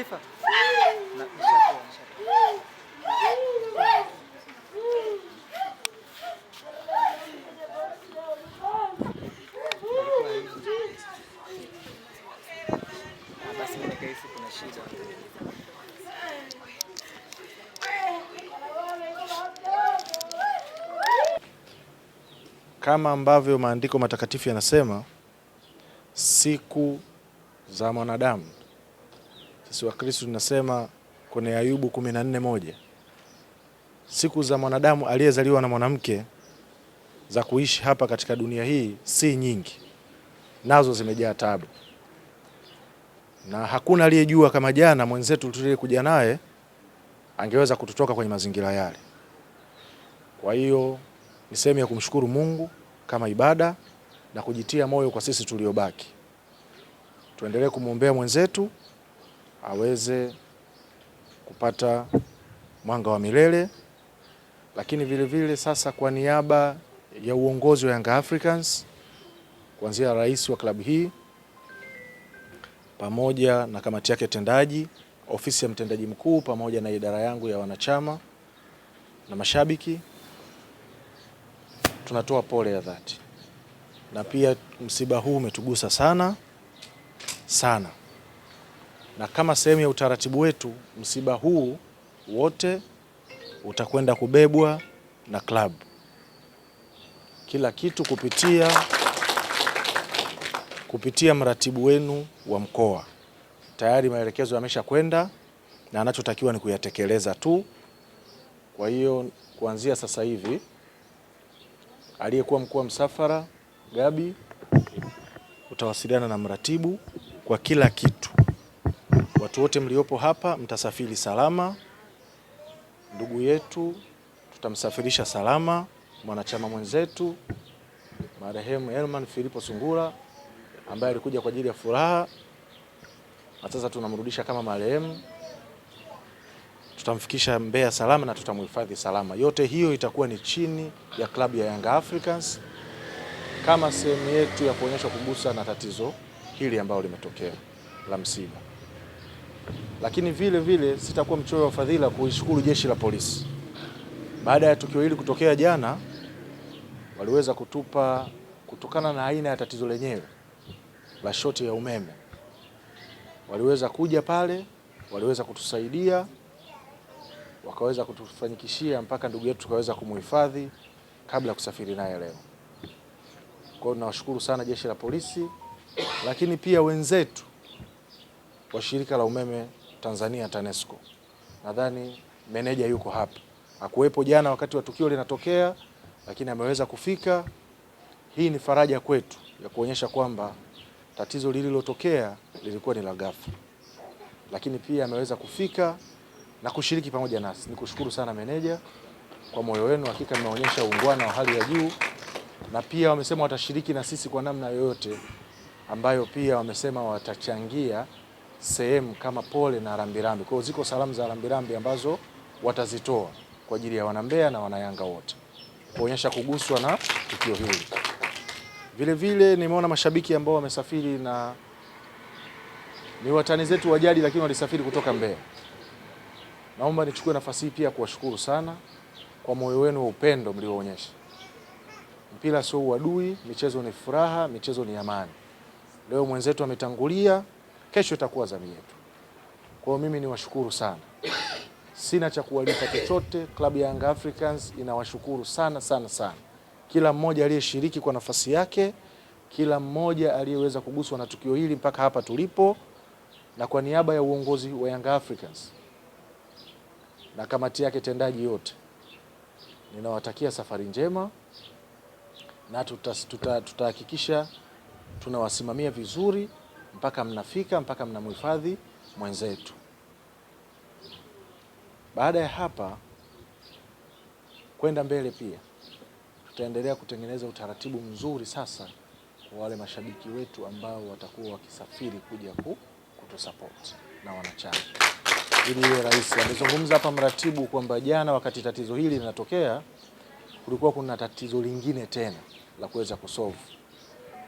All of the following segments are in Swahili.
Latifa. Kama ambavyo maandiko matakatifu yanasema siku za mwanadamu sisi Wakristo tunasema kwenye Ayubu kumi na nne moja siku za mwanadamu aliyezaliwa na mwanamke za kuishi hapa katika dunia hii si nyingi, nazo zimejaa taabu, na hakuna aliyejua kama jana mwenzetu tuliyekuja naye angeweza kututoka kwenye mazingira yale. Kwa hiyo ni sehemu ya kumshukuru Mungu kama ibada na kujitia moyo kwa sisi tuliobaki, tuendelee kumwombea mwenzetu aweze kupata mwanga wa milele, lakini vilevile vile sasa, kwa niaba ya uongozi wa Young Africans kuanzia rais wa klabu hii pamoja na kamati yake tendaji, ofisi ya mtendaji mkuu, pamoja na idara yangu ya wanachama na mashabiki, tunatoa pole ya dhati, na pia msiba huu umetugusa sana sana na kama sehemu ya utaratibu wetu, msiba huu wote utakwenda kubebwa na klabu, kila kitu kupitia kupitia mratibu wenu wa mkoa. Tayari maelekezo yameshakwenda na anachotakiwa ni kuyatekeleza tu. Kwa hiyo kuanzia sasa hivi aliyekuwa mkuu wa msafara Gabi utawasiliana na mratibu kwa kila kitu. Watu wote mliopo hapa mtasafiri salama. Ndugu yetu tutamsafirisha salama, mwanachama mwenzetu marehemu Herman Filipo Sungura ambaye alikuja kwa ajili ya furaha na sasa tunamrudisha kama marehemu. Tutamfikisha Mbeya salama na tutamhifadhi salama. Yote hiyo itakuwa ni chini ya klabu ya Young Africans kama sehemu yetu ya kuonyesha kugusa na tatizo hili ambalo limetokea la msiba lakini vile vile sitakuwa mchoyo wa fadhila kuishukuru jeshi la polisi. Baada ya tukio hili kutokea jana, waliweza kutupa, kutokana na aina ya tatizo lenyewe la shoti ya umeme, waliweza kuja pale, waliweza kutusaidia, wakaweza kutufanyikishia mpaka ndugu yetu tukaweza kumuhifadhi kabla ya kusafiri naye leo. Kwa hiyo sana jeshi la polisi, lakini pia wenzetu wa shirika la umeme Tanzania TANESCO. Nadhani meneja yuko hapa, hakuwepo jana wakati wa tukio linatokea, lakini ameweza kufika. Hii ni faraja kwetu ya kuonyesha kwamba tatizo lililotokea lilikuwa ni la ghafla, lakini pia ameweza kufika na kushiriki pamoja nasi. Nikushukuru sana meneja kwa moyo wenu, hakika mmeonyesha uungwana wa hali ya juu, na pia wamesema watashiriki na sisi kwa namna yoyote ambayo pia wamesema watachangia sehemu kama pole na rambirambi. Kwa hiyo ziko salamu za rambirambi ambazo watazitoa kwa ajili ya wanambea na wanayanga wote kuonyesha kuguswa na tukio hili. Vile vile nimeona mashabiki ambao wamesafiri na ni watani zetu wajadi, lakini walisafiri kutoka Mbeya. Naomba nichukue nafasi hii pia kuwashukuru sana kwa moyo wenu wa upendo mlioonyesha. Mpira sio uadui, michezo ni furaha, michezo ni amani. Leo mwenzetu ametangulia kesho itakuwa zamu yetu. Kwa hiyo mimi niwashukuru sana, sina cha kuwalipa chochote. Klabu ya Young Africans inawashukuru sana sana sana, kila mmoja aliyeshiriki kwa nafasi yake, kila mmoja aliyeweza kuguswa na tukio hili mpaka hapa tulipo, na kwa niaba ya uongozi wa Young Africans na kamati yake tendaji yote, ninawatakia safari njema na tutahakikisha tuta, tuta tunawasimamia vizuri mpaka mnafika mpaka mnamhifadhi mwenzetu. Baada ya hapa kwenda mbele, pia tutaendelea kutengeneza utaratibu mzuri sasa kwa wale mashabiki wetu ambao watakuwa wakisafiri kuja ku, kutusupport na wanachama ili iwe rahisi. Amezungumza hapa mratibu kwamba jana wakati tatizo hili linatokea kulikuwa kuna tatizo lingine tena la kuweza kusolve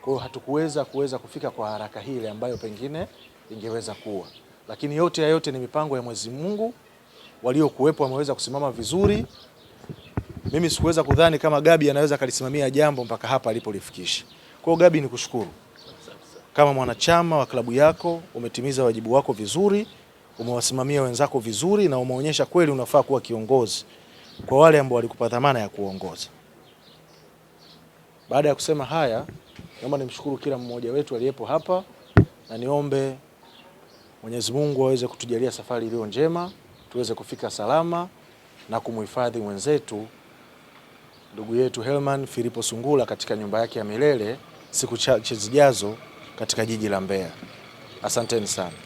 kwa hiyo hatukuweza kuweza kufika kwa haraka hile ambayo pengine ingeweza kuwa, lakini yote ya yote ni mipango ya Mwenyezi Mungu. Waliokuwepo wameweza kusimama vizuri. Mimi sikuweza kudhani kama Gabi anaweza akalisimamia jambo mpaka hapa alipolifikisha. Kwa hiyo Gabi, nikushukuru kama mwanachama wa klabu yako, umetimiza wajibu wako vizuri, umewasimamia wenzako vizuri, na umeonyesha kweli unafaa kuwa kiongozi kwa wale ambao walikupa dhamana ya kuongoza. Baada ya kusema haya Naomba nimshukuru kila mmoja wetu aliyepo hapa na niombe Mwenyezi Mungu aweze kutujalia safari iliyo njema, tuweze kufika salama na kumhifadhi mwenzetu ndugu yetu Herman Filipo sungula katika nyumba yake ya milele siku chache zijazo katika jiji la Mbeya. Asanteni sana.